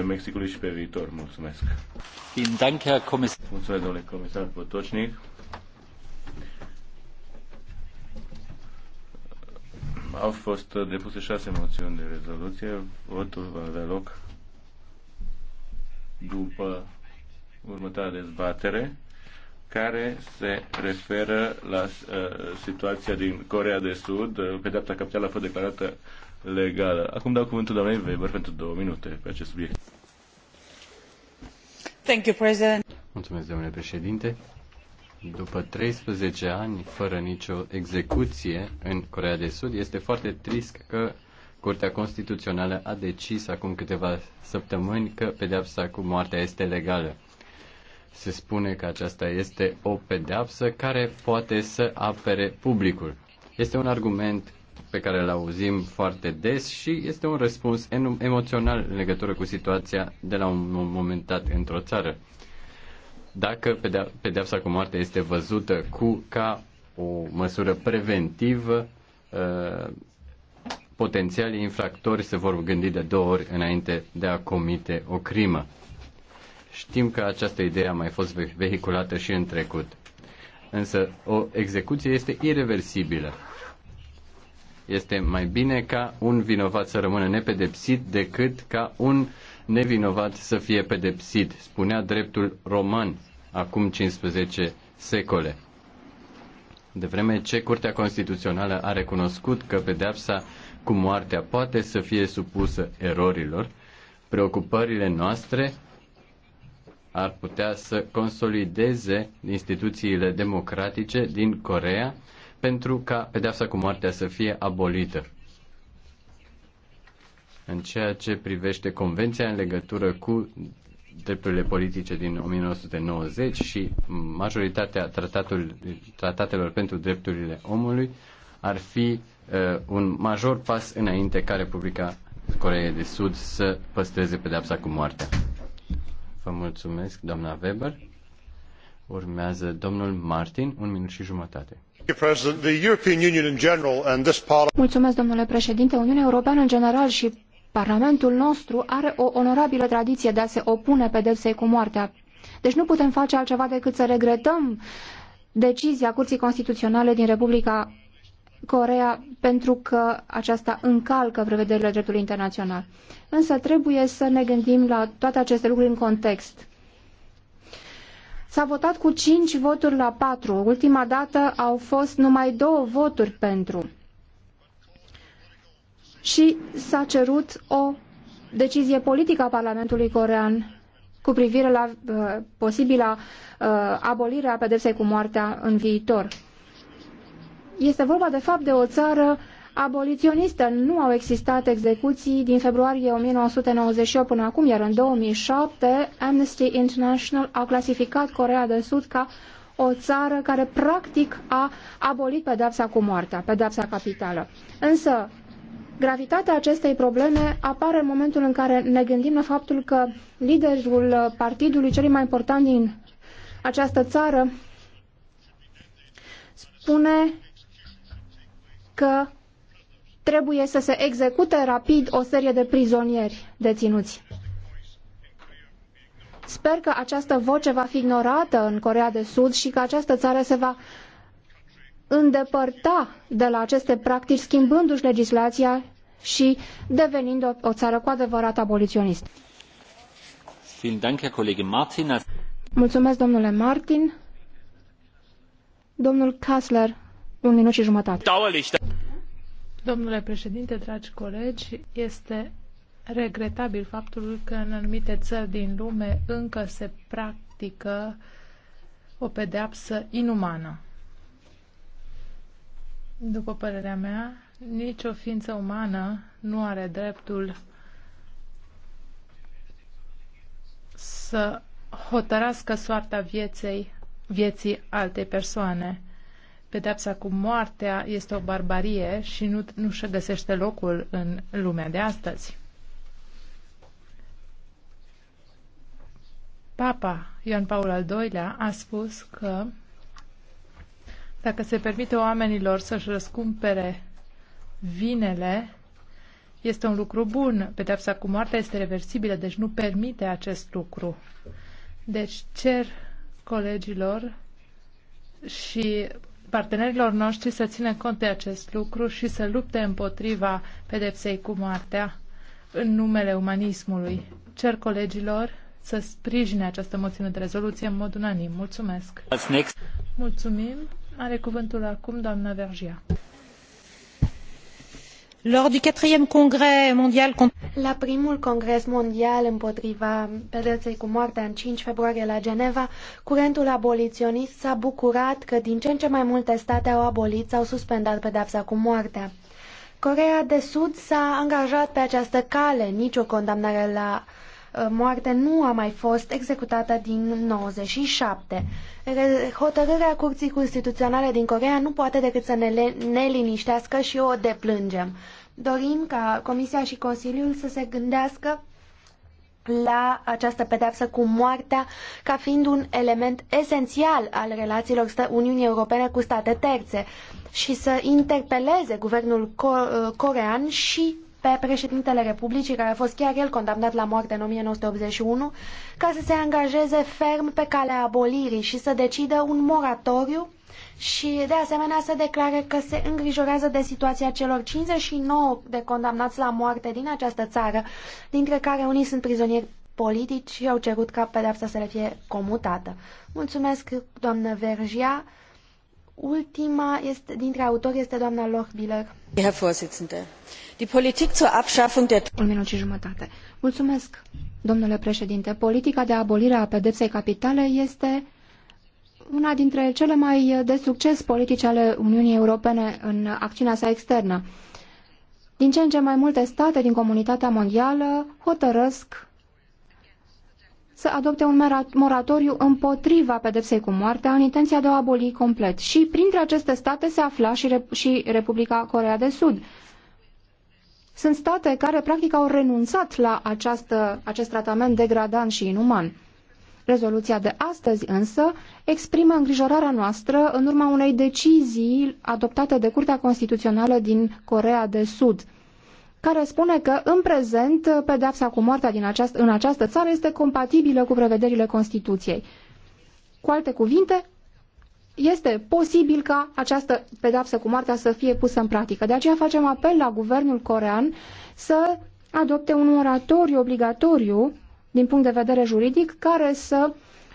Mexicului și pe viitor. Mulțumesc. Mulțumesc, domnule comisar Potocnic. Au fost depuse șase moțiuni de rezoluție. Votul va avea loc după următoarea dezbatere care se referă la uh, situația din Corea de Sud. data capitală a fost declarată legală. Acum dau cuvântul doamnei Weber pentru două minute pe acest subiect. Thank you, President. Mulțumesc, domnule președinte. După 13 ani fără nicio execuție în Corea de Sud, este foarte trist că Curtea Constituțională a decis acum câteva săptămâni că pedeapsa cu moartea este legală. Se spune că aceasta este o pedeapsă care poate să apere publicul. Este un argument pe care îl auzim foarte des și este un răspuns emoțional în legătură cu situația de la un moment dat într-o țară. Dacă pedeapsa cu moarte este văzută cu ca o măsură preventivă, uh, potențialii infractori se vor gândi de două ori înainte de a comite o crimă. Știm că această idee a mai fost vehiculată și în trecut. Însă o execuție este irreversibilă este mai bine ca un vinovat să rămână nepedepsit decât ca un nevinovat să fie pedepsit, spunea dreptul roman acum 15 secole. De vreme ce Curtea Constituțională a recunoscut că pedepsa cu moartea poate să fie supusă erorilor, preocupările noastre ar putea să consolideze instituțiile democratice din Corea pentru ca pedeapsa cu moartea să fie abolită. În ceea ce privește Convenția în legătură cu drepturile politice din 1990 și majoritatea tratatelor pentru drepturile omului ar fi uh, un major pas înainte ca Republica Coreei de Sud să păstreze pedeapsa cu moartea. Vă mulțumesc, doamna Weber. Urmează domnul Martin, un minut și jumătate domnule președinte. Uniunea Europeană în general și Parlamentul nostru are o onorabilă tradiție de a se opune pedepsei cu moartea. Deci nu putem face altceva decât să regretăm decizia Curții Constituționale din Republica Corea pentru că aceasta încalcă prevederile dreptului internațional. Însă trebuie să ne gândim la toate aceste lucruri în context. S-a votat cu cinci voturi la patru. Ultima dată au fost numai două voturi pentru. Și s-a cerut o decizie politică a Parlamentului Corean cu privire la uh, posibila uh, abolire a pedepsei cu moartea în viitor. Este vorba de fapt de o țară aboliționistă. Nu au existat execuții din februarie 1998 până acum, iar în 2007 Amnesty International a clasificat Coreea de Sud ca o țară care practic a abolit pedepsa cu moartea, pedepsa capitală. Însă, gravitatea acestei probleme apare în momentul în care ne gândim la faptul că liderul partidului cel mai important din această țară spune că trebuie să se execute rapid o serie de prizonieri deținuți. Sper că această voce va fi ignorată în Corea de Sud și că această țară se va îndepărta de la aceste practici, schimbându-și legislația și devenind o, o țară cu adevărat aboliționistă. Mulțumesc, domnule Martin. Domnul Kassler, un minut și jumătate. Domnule președinte, dragi colegi, este regretabil faptul că în anumite țări din lume încă se practică o pedeapsă inumană. După părerea mea, nicio ființă umană nu are dreptul să hotărască soarta vieței, vieții altei persoane. Pedepsa cu moartea este o barbarie și nu, nu și găsește locul în lumea de astăzi. Papa Ioan Paul al II-lea a spus că dacă se permite oamenilor să-și răscumpere vinele, este un lucru bun. Pedepsa cu moartea este reversibilă, deci nu permite acest lucru. Deci cer colegilor și partenerilor noștri să țină cont de acest lucru și să lupte împotriva pedepsei cu moartea în numele umanismului. Cer colegilor să sprijine această moțiune de rezoluție în mod unanim. Mulțumesc! Mulțumim! Are cuvântul acum doamna Vergia. Lors du congrès mondial La primul congres mondial împotriva pedepsei cu moartea în 5 februarie la Geneva, curentul aboliționist s-a bucurat că din ce în ce mai multe state au abolit sau suspendat pedepsa cu moartea. Coreea de Sud s-a angajat pe această cale, nicio condamnare la Uh, moarte nu a mai fost executată din 97. Hotărârea Curții Constituționale din Corea nu poate decât să ne, ne liniștească și o deplângem. Dorim ca Comisia și Consiliul să se gândească la această pedeapsă cu moartea ca fiind un element esențial al relațiilor Uniunii Europene cu state terțe și să interpeleze guvernul uh, corean și pe președintele Republicii, care a fost chiar el condamnat la moarte în 1981, ca să se angajeze ferm pe calea abolirii și să decidă un moratoriu și, de asemenea, să declare că se îngrijorează de situația celor 59 de condamnați la moarte din această țară, dintre care unii sunt prizonieri politici și au cerut ca pedeapsa să le fie comutată. Mulțumesc, doamnă Vergia. Ultima este, dintre autori este doamna Lochbiller. Herr Vorsitzender, die Politik zur Abschaffung der... Un minut și jumătate. Mulțumesc, domnule președinte. Politica de abolire a pedepsei capitale este una dintre cele mai de succes politice ale Uniunii Europene în acțiunea sa externă. Din ce în ce mai multe state din comunitatea mondială hotărăsc să adopte un moratoriu împotriva pedepsei cu moartea în intenția de a aboli complet. Și printre aceste state se afla și, Rep și Republica Coreea de Sud. Sunt state care practic au renunțat la această, acest tratament degradant și inuman. Rezoluția de astăzi însă exprimă îngrijorarea noastră în urma unei decizii adoptate de Curtea Constituțională din Coreea de Sud – care spune că în prezent pedeapsa cu moartea din aceast- în această țară este compatibilă cu prevederile Constituției. Cu alte cuvinte, este posibil ca această pedeapsă cu moartea să fie pusă în practică. De aceea facem apel la guvernul corean să adopte un moratoriu obligatoriu din punct de vedere juridic care să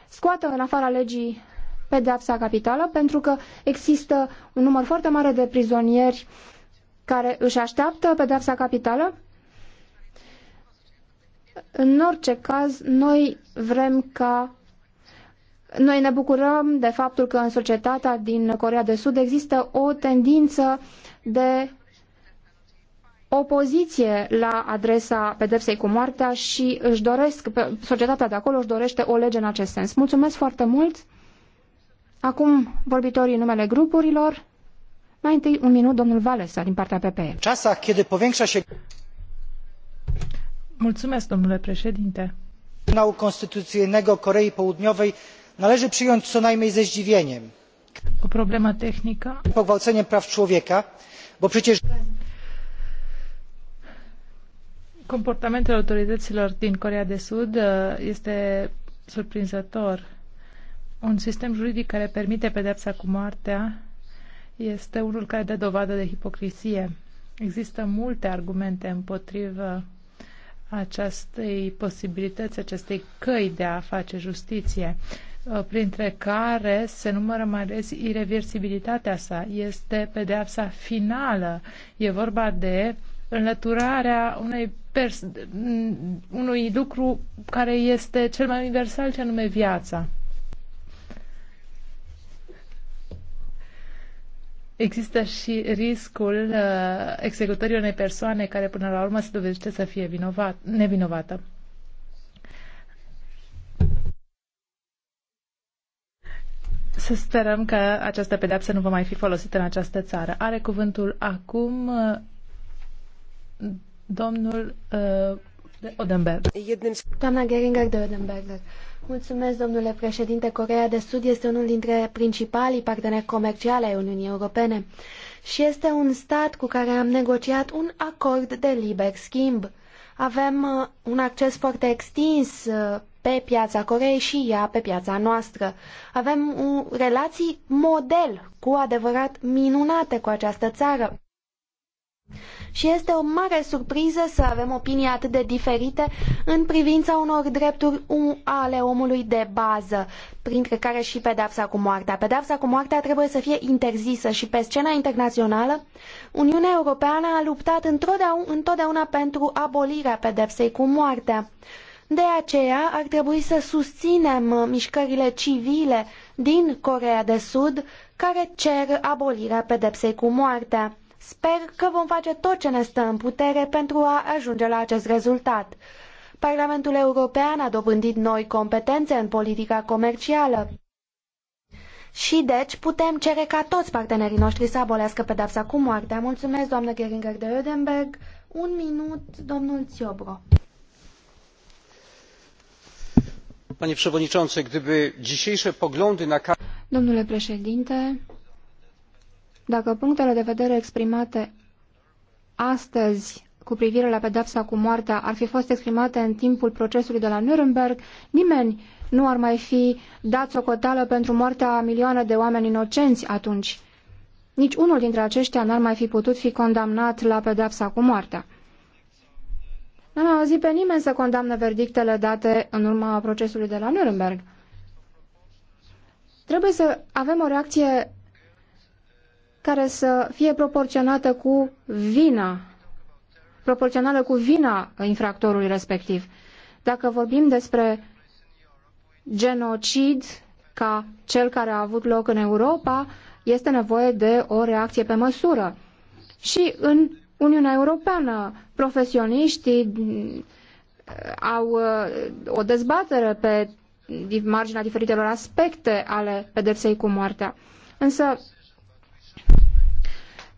scoată în afara legii pedeapsa capitală pentru că există un număr foarte mare de prizonieri uh, care își așteaptă pedepsa capitală? În orice caz, noi vrem ca noi ne bucurăm de faptul că în societatea din Corea de Sud există o tendință de opoziție la adresa pedepsei cu moartea și își doresc, societatea de acolo își dorește o lege în acest sens. Mulțumesc foarte mult! Acum vorbitorii numele grupurilor. Mai întâi un minut, domnul Valesa, din partea PPE. Ceasa, kiedy powiększa się... Mulțumesc, domnule președinte. Trybunału Konstytucyjnego Korei Południowej należy przyjąć co najmniej ze zdziwieniem. O problema tehnică. Pogwałceniem praw człowieka, bo przecież... Comportamentul autorităților din Corea de Sud uh, este surprinzător. Un sistem juridic care permite pedepsa cu moartea este unul care dă dovadă de hipocrisie. Există multe argumente împotriva acestei posibilități, acestei căi de a face justiție, uh, printre care se numără mai ales irreversibilitatea sa. Este pedeapsa finală. E vorba de înlăturarea unei pers- unui lucru care este cel mai universal, ce anume viața. Există și riscul uh, executării unei persoane care până la urmă se dovedește să fie vinovat, nevinovată. Să sperăm că această pedeapsă nu va mai fi folosită în această țară. Are cuvântul acum uh, domnul uh, Odenberg. Doamna Geringer de Odenberger. Mulțumesc, domnule președinte. Coreea de Sud este unul dintre principalii parteneri comerciali ai Uniunii Europene și este un stat cu care am negociat un acord de liber schimb. Avem uh, un acces foarte extins uh, pe piața Coreei și ea pe piața noastră. Avem uh, relații model cu adevărat minunate cu această țară. Și este o mare surpriză să avem opinii atât de diferite în privința unor drepturi ale omului de bază, printre care și pedeapsa cu moartea. Pedeapsa cu moartea trebuie să fie interzisă și pe scena internațională Uniunea Europeană a luptat întotdeauna pentru abolirea pedepsei cu moartea. De aceea ar trebui să susținem mișcările civile din Coreea de Sud care cer abolirea pedepsei cu moartea. Sper că vom face tot ce ne stă în putere pentru a ajunge la acest rezultat. Parlamentul European a dobândit noi competențe în politica comercială. Și deci putem cere ca toți partenerii noștri să abolească pedepsa cu moartea. Mulțumesc, doamnă Geringer de Ödenberg. Un minut, domnul Ciobro. Domnule președinte, dacă punctele de vedere exprimate astăzi cu privire la pedepsa cu moartea ar fi fost exprimate în timpul procesului de la Nuremberg, nimeni nu ar mai fi dat socoteală pentru moartea a milioane de oameni inocenți atunci. Nici unul dintre aceștia n-ar mai fi putut fi condamnat la pedepsa cu moartea. N-am auzit pe nimeni să condamne verdictele date în urma procesului de la Nuremberg. Trebuie să avem o reacție care să fie proporționată cu vina, proporțională cu vina infractorului respectiv. Dacă vorbim despre genocid ca cel care a avut loc în Europa, este nevoie de o reacție pe măsură. Și în Uniunea Europeană, profesioniștii mm, au uh, o dezbatere pe marginea diferitelor aspecte ale pedepsei cu moartea. Însă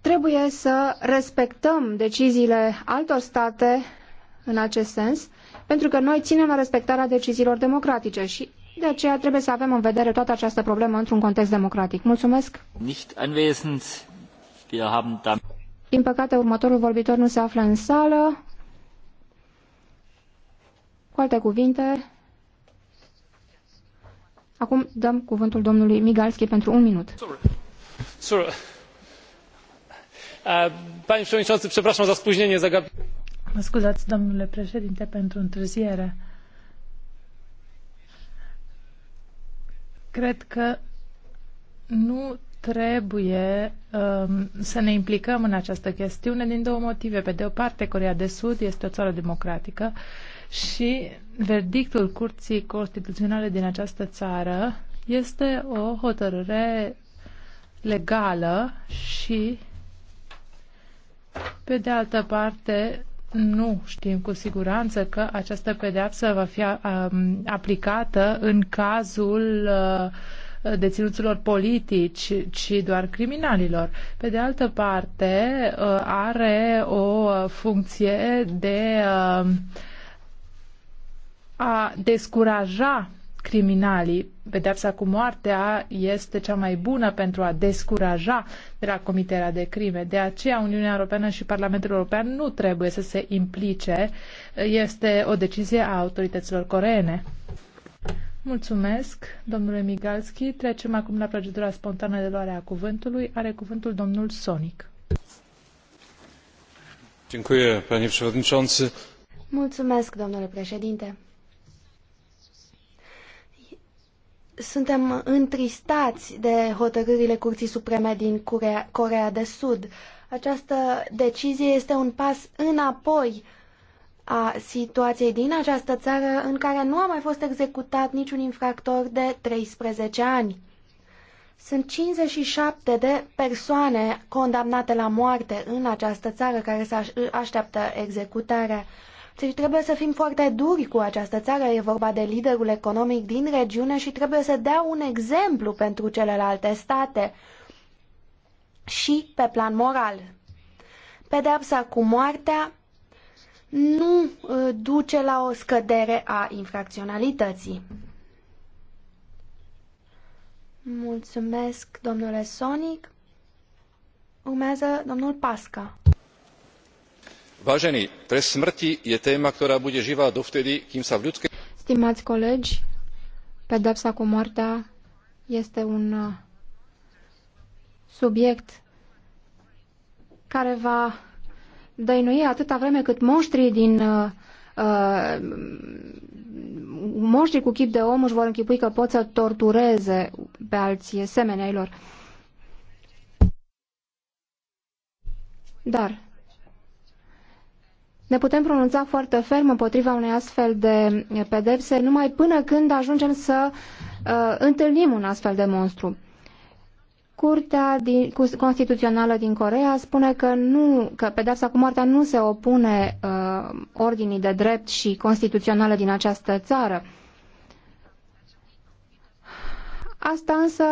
Trebuie să respectăm deciziile altor state în acest sens, pentru că noi ținem la respectarea deciziilor democratice și de aceea trebuie să avem în vedere toată această problemă într-un context democratic. Mulțumesc! Din păcate, următorul vorbitor nu se află în sală. Cu alte cuvinte, acum dăm cuvântul domnului Migalski pentru un minut. Sorry. Sorry. Panie Przewodniczący, przepraszam za spóźnienie. Mă scuzați, domnule președinte, pentru întârziere. Cred că nu trebuie um, să ne implicăm în această chestiune din două motive. Pe de o parte, Corea de Sud este o țară democratică și verdictul Curții Constituționale din această țară este o hotărâre legală și pe de altă parte, nu știm cu siguranță că această pedeapsă va fi aplicată în cazul deținuților politici, ci doar criminalilor. Pe de altă parte, are o funcție de a descuraja criminalii. Pedepsa cu moartea este cea mai bună pentru a descuraja de la comiterea de crime. De aceea Uniunea Europeană și Parlamentul European nu trebuie să se implice. Este o decizie a autorităților coreene. Mulțumesc, domnule Migalski. Trecem acum la procedura spontană de luare a cuvântului. Are cuvântul domnul Sonic. Mulțumesc, domnule președinte. suntem întristați de hotărârile Curții Supreme din Corea, Corea de Sud. Această decizie este un pas înapoi a situației din această țară în care nu a mai fost executat niciun infractor de 13 ani. Sunt 57 de persoane condamnate la moarte în această țară care se așteaptă executarea. Deci trebuie să fim foarte duri cu această țară, e vorba de liderul economic din regiune și trebuie să dea un exemplu pentru celelalte state și pe plan moral. Pedepsa cu moartea nu uh, duce la o scădere a infracționalității. Mulțumesc, domnule Sonic. Urmează domnul Pasca vážený trest smrti je téma ktorá bude živá dovtedy kým sa v ľudskej. stimați colegi pedepsa cu moartea este un uh, subiect care va dăinui atâta vreme cât monștrii din uh, uh, moștrii cu chip de om își vor închipui că pot să tortureze pe alții semenei lor. Dar ne putem pronunța foarte ferm împotriva unei astfel de pedepse numai până când ajungem să uh, întâlnim un astfel de monstru. Curtea din, Constituțională din Corea spune că, nu, că pedepsa cu moartea nu se opune uh, ordinii de drept și constituționale din această țară. Asta însă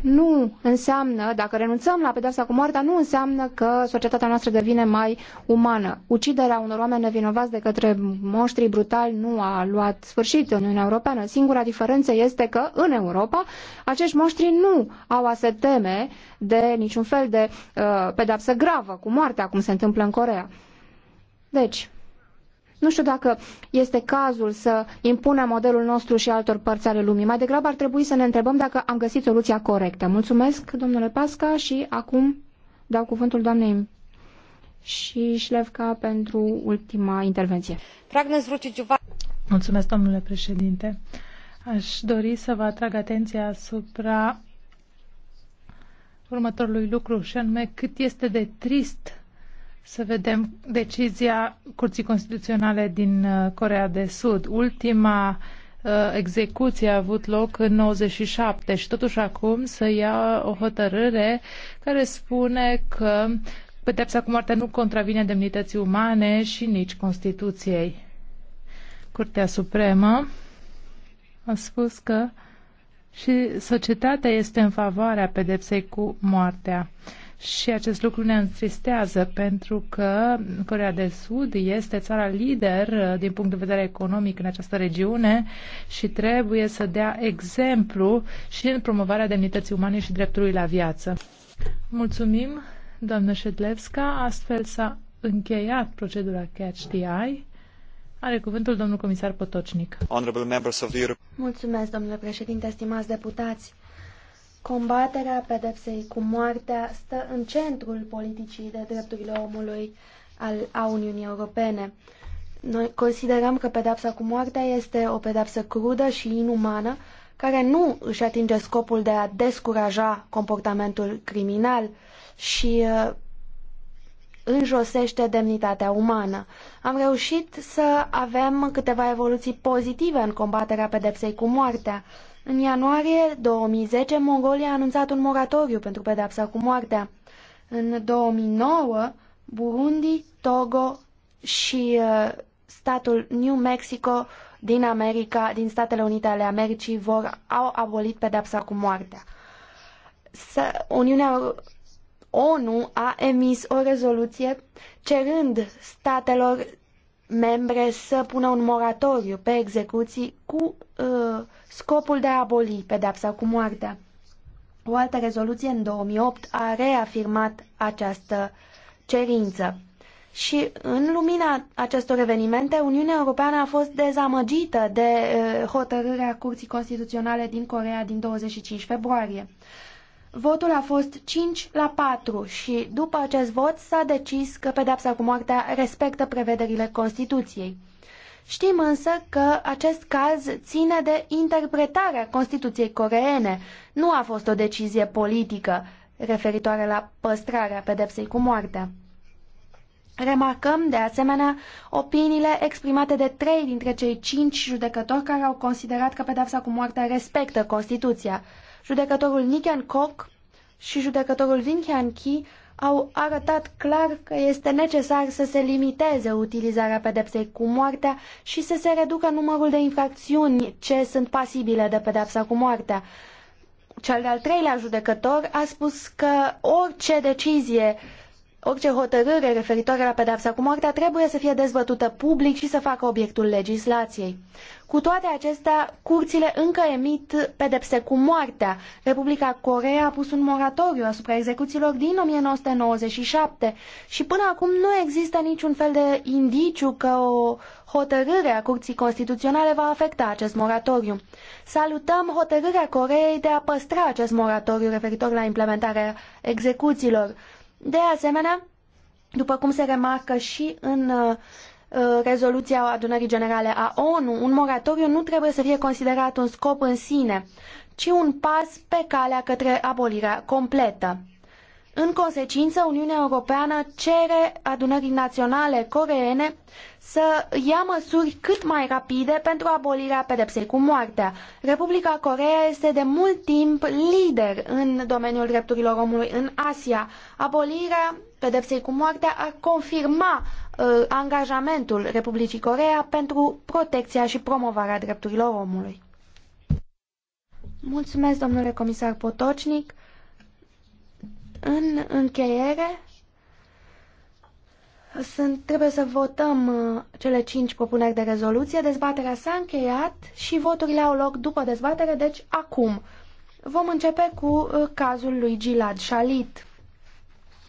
nu înseamnă, dacă renunțăm la pedeapsa cu moartea, nu înseamnă că societatea noastră devine mai umană. Uciderea unor oameni nevinovați de către moștri brutali nu a luat sfârșit în Uniunea Europeană. Singura diferență este că în Europa acești monștri nu au a se teme de niciun fel de uh, pedeapsă gravă cu moartea, cum se întâmplă în Corea. Deci, nu știu dacă este cazul să impunem modelul nostru și altor părți ale lumii. Mai degrabă ar trebui să ne întrebăm dacă am găsit soluția corectă. Mulțumesc, domnule Pasca, și acum dau cuvântul doamnei și Șlevca pentru ultima intervenție. Mulțumesc, domnule președinte. Aș dori să vă atrag atenția asupra următorului lucru, și anume cât este de trist să vedem decizia Curții Constituționale din uh, Corea de Sud. Ultima uh, execuție a avut loc în 97 și totuși acum să ia o hotărâre care spune că pedepsa cu moartea nu contravine demnității umane și nici Constituției. Curtea Supremă a spus că și societatea este în favoarea pedepsei cu moartea și acest lucru ne întristează pentru că Corea de Sud este țara lider uh, din punct de vedere economic în această regiune și trebuie să dea exemplu și în promovarea demnității umane și dreptului la viață. Mulțumim, doamnă Ședlevska. Astfel s-a încheiat procedura Catch the Eye. Are cuvântul domnul comisar Potocnic. Mulțumesc, domnule președinte, stimați deputați. Combaterea pedepsei cu moartea stă în centrul politicii de drepturile omului al, a Uniunii Europene. Noi considerăm că pedepsa cu moartea este o pedepsă crudă și inumană, care nu își atinge scopul de a descuraja comportamentul criminal și uh, înjosește demnitatea umană. Am reușit să avem câteva evoluții pozitive în combaterea pedepsei cu moartea, în ianuarie 2010, Mongolia a anunțat un moratoriu pentru pedepsa cu moartea. În 2009, Burundi, Togo și uh, statul New Mexico din America, din Statele Unite ale Americii, vor, au abolit pedepsa cu moartea. Să, Uniunea ONU a emis o rezoluție cerând statelor membre să pună un moratoriu pe execuții cu uh, scopul de a aboli pedepsa cu moartea. O altă rezoluție în 2008 a reafirmat această cerință. Și în lumina acestor evenimente, Uniunea Europeană a fost dezamăgită de uh, hotărârea Curții Constituționale din Corea din 25 februarie. Votul a fost 5 la 4 și după acest vot s-a decis că pedepsa cu moartea respectă prevederile Constituției. Știm însă că acest caz ține de interpretarea Constituției coreene. Nu a fost o decizie politică referitoare la păstrarea pedepsei cu moartea. Remarcăm, de asemenea, opiniile exprimate de trei dintre cei cinci judecători care au considerat că pedepsa cu moartea respectă Constituția. Judecătorul Nikian Kok și judecătorul Vinkian Ki au arătat clar că este necesar să se limiteze utilizarea pedepsei cu moartea și să se reducă numărul de infracțiuni ce sunt pasibile de pedepsa cu moartea. Cel de-al treilea judecător a spus că orice decizie Orice hotărâre referitoare la pedepsa cu moartea trebuie să fie dezbătută public și să facă obiectul legislației. Cu toate acestea, curțile încă emit pedepse cu moartea. Republica Coreea a pus un moratoriu asupra execuțiilor din 1997 și până acum nu există niciun fel de indiciu că o hotărâre a Curții Constituționale va afecta acest moratoriu. Salutăm hotărârea Coreei de a păstra acest moratoriu referitor la implementarea execuțiilor. De asemenea, după cum se remarcă și în uh, uh, rezoluția adunării generale a ONU, un moratoriu nu trebuie să fie considerat un scop în sine, ci un pas pe calea către abolirea completă. În consecință, Uniunea Europeană cere adunării naționale coreene să ia măsuri cât mai rapide pentru abolirea pedepsei cu moartea. Republica Coreea este de mult timp lider în domeniul drepturilor omului în Asia. Abolirea pedepsei cu moartea ar confirma uh, angajamentul Republicii Coreea pentru protecția și promovarea drepturilor omului. Mulțumesc, domnule comisar Potocnic. În încheiere, sunt, trebuie să votăm uh, cele cinci propuneri de rezoluție. Dezbaterea s-a încheiat și voturile au loc după dezbatere, deci acum. Vom începe cu uh, cazul lui Gilad Shalit.